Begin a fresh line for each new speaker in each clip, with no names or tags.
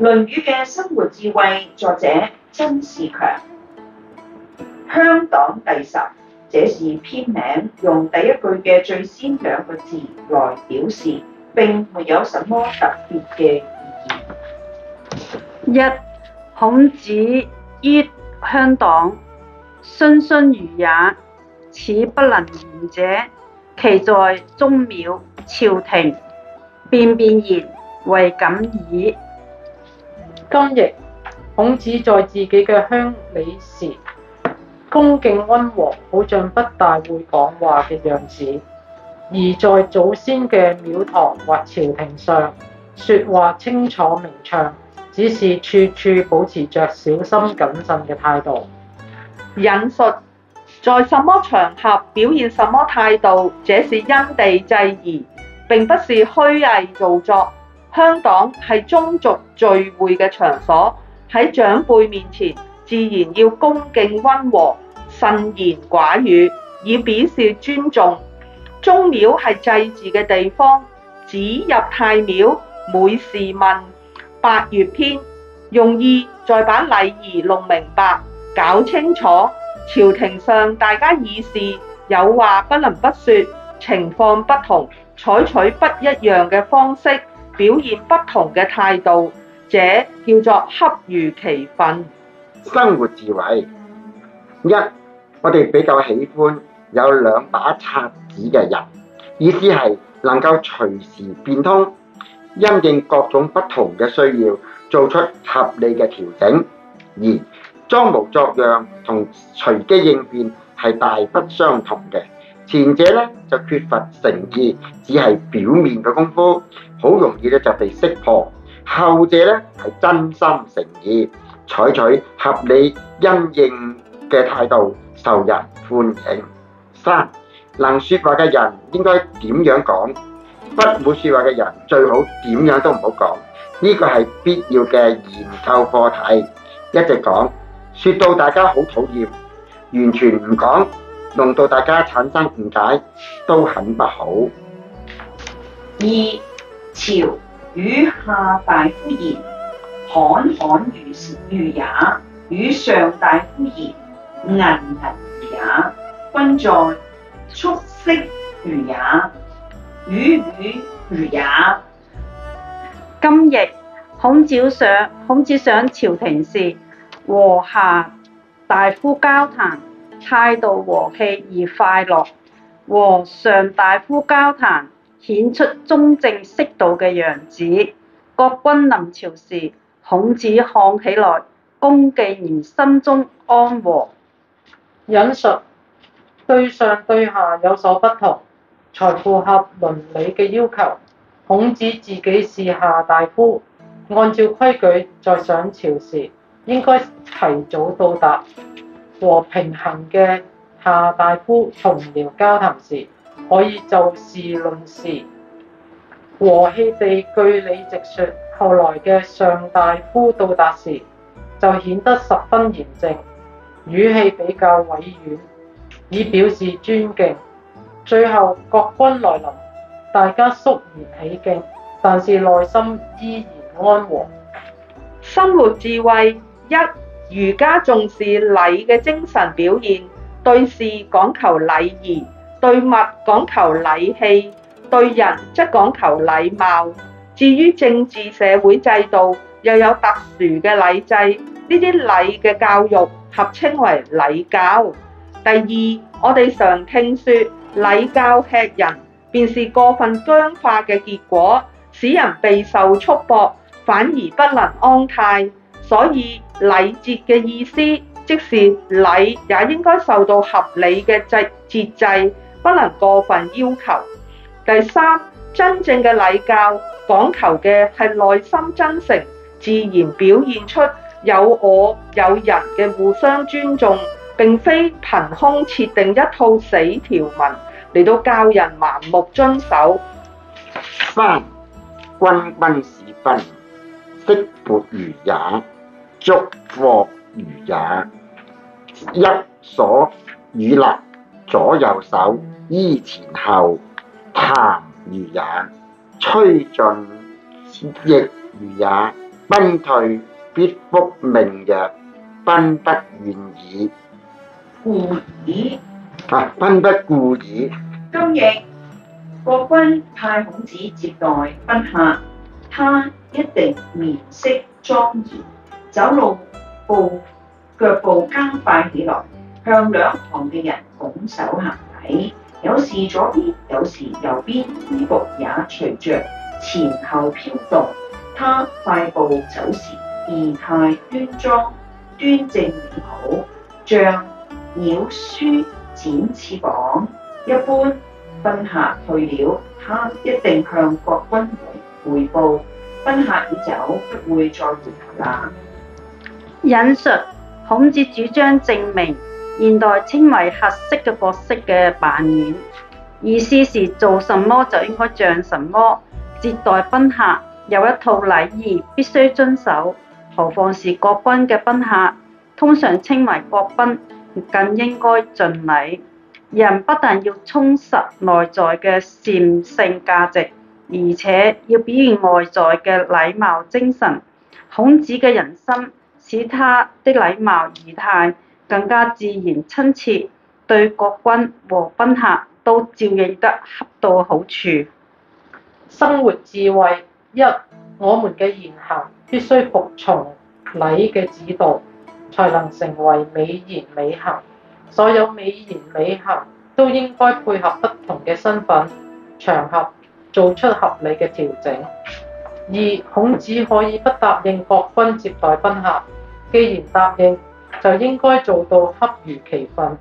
《論語》嘅生活智慧，作者曾仕強。鄉黨第十，這是篇名，用第一句嘅最先兩個字來表示，並沒有什麼特別嘅意義。
一，孔子於鄉黨，恂恂如也，此不能言者，其在宗廟朝廷，便便言。唯謹爾。
今譯孔子在自己嘅鄉里時，恭敬溫和，好像不大會講話嘅樣子；而在祖先嘅廟堂或朝廷上，說話清楚明暢，只是處處保持着小心謹慎嘅態度。
引述在什麼場合表現什麼態度，這是因地制宜，並不是虛偽造作。鄉黨係宗族聚會嘅場所，喺長輩面前自然要恭敬溫和、慎言寡語，以表示尊重。宗廟係祭祀嘅地方，子入太廟每事問《八月篇》，用意在把禮儀弄明白、搞清楚。朝廷上大家議事，有話不能不說，情況不同，採取不一樣嘅方式。表現不同嘅態度，這叫做恰如其分。生活智慧：
一、我哋比較喜歡有兩把刷子嘅人，意思係能夠隨時變通，因應各種不同嘅需要，做出合理嘅調整。二，裝模作樣同隨機應變係大不相同嘅。前者咧就缺乏誠意，只係表面嘅功夫，好容易咧就被識破；後者咧係真心誠意，採取合理因應嘅態度，受人歡迎。三、能説話嘅人應該點樣講？不會説話嘅人最好點樣都唔好講。呢個係必要嘅研究課題。一直講，説到大家好討厭，完全唔講。弄到大家產生誤解都很不好。
二、朝與下大夫言，侃侃如也；與上大夫言，誾誾如也。君在，踧踖如也，與與如也。
今日孔子上，孔子上朝廷時，和下大夫交談。態度和氣而快樂，和上大夫交談，顯出中正適度嘅樣子。國君臨朝時，孔子看起來恭敬而心中安和。
隱熟對上對下有所不同，才符合倫理嘅要求。孔子自己是下大夫，按照規矩，在上朝時應該提早到達。和平衡嘅下大夫同僚交談時，可以就事論事，和氣地據理直說。後來嘅上大夫到達時，就顯得十分嚴正，語氣比較委婉，以表示尊敬。最後國君來臨，大家肅然起敬，但是內心依然安和。生活智慧一。儒家重視禮嘅精
神表現，對事講求禮儀，對物講求禮器，對人則講求禮貌。至於政治社會制度，又有特殊嘅禮制，呢啲禮嘅教育合稱為禮教。第二，我哋常聽說禮教吃人，便是過分僵化嘅結果，使人備受束縛，反而不能安泰。所以禮節嘅意思，即是禮也應該受到合理嘅節制，不能過分要求。第三，真正嘅禮教講求嘅係內心真誠，自然表現出有我有人嘅互相尊重，並非憑空設定一套死條文嚟到教人盲目遵守。三，君召使擯，
色勃如也。足躩如也，揖所與立，左右手，衣前後，襜如也，趨進，翼如也，賓退，必復命曰：賓不顧矣。
顧矣。
啊，賓不顧矣。今
日國君派孔子接待賓客，他一定面色莊嚴。走路步腳步加快起來，向兩旁嘅人拱手行禮。有時左邊，有時右邊，衣服也隨着前後飄動。他快步走時，儀態端莊、端正良好，像鳥舒展翅膀一般。賓客退了，他一定向國君彙報。賓客已走，不會再回頭啦。
引述孔子主張證明，現代稱為合適嘅角色嘅扮演，意思是做什麼就應該像什麼。接待賓客有一套禮儀必須遵守，何況是國賓嘅賓客，通常稱為國賓，更應該盡禮。人不但要充實內在嘅善性價值，而且要表現外在嘅禮貌精神。孔子嘅人心人生。使他的禮貌儀態更加自然親切，對國君和賓客都照應得恰到
好處。生活智慧：一、我們嘅言行必須服從禮嘅指導，才能成為美言美行。所有美言美行都應該配合不同嘅身份、場合，做出合理嘅調整。二、孔子可以不答應國君接待賓客。既然答應，就應該做到恰如其分，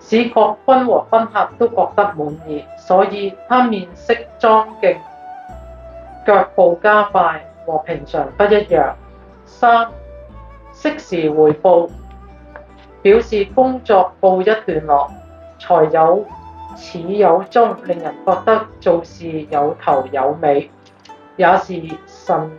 使國君和賓客都覺得滿意。所以他面色莊敬，腳步加快，和平常不一樣。三、適時回報，表示工作告一段落，才有始有終，令人覺得做事有頭有尾，也是信。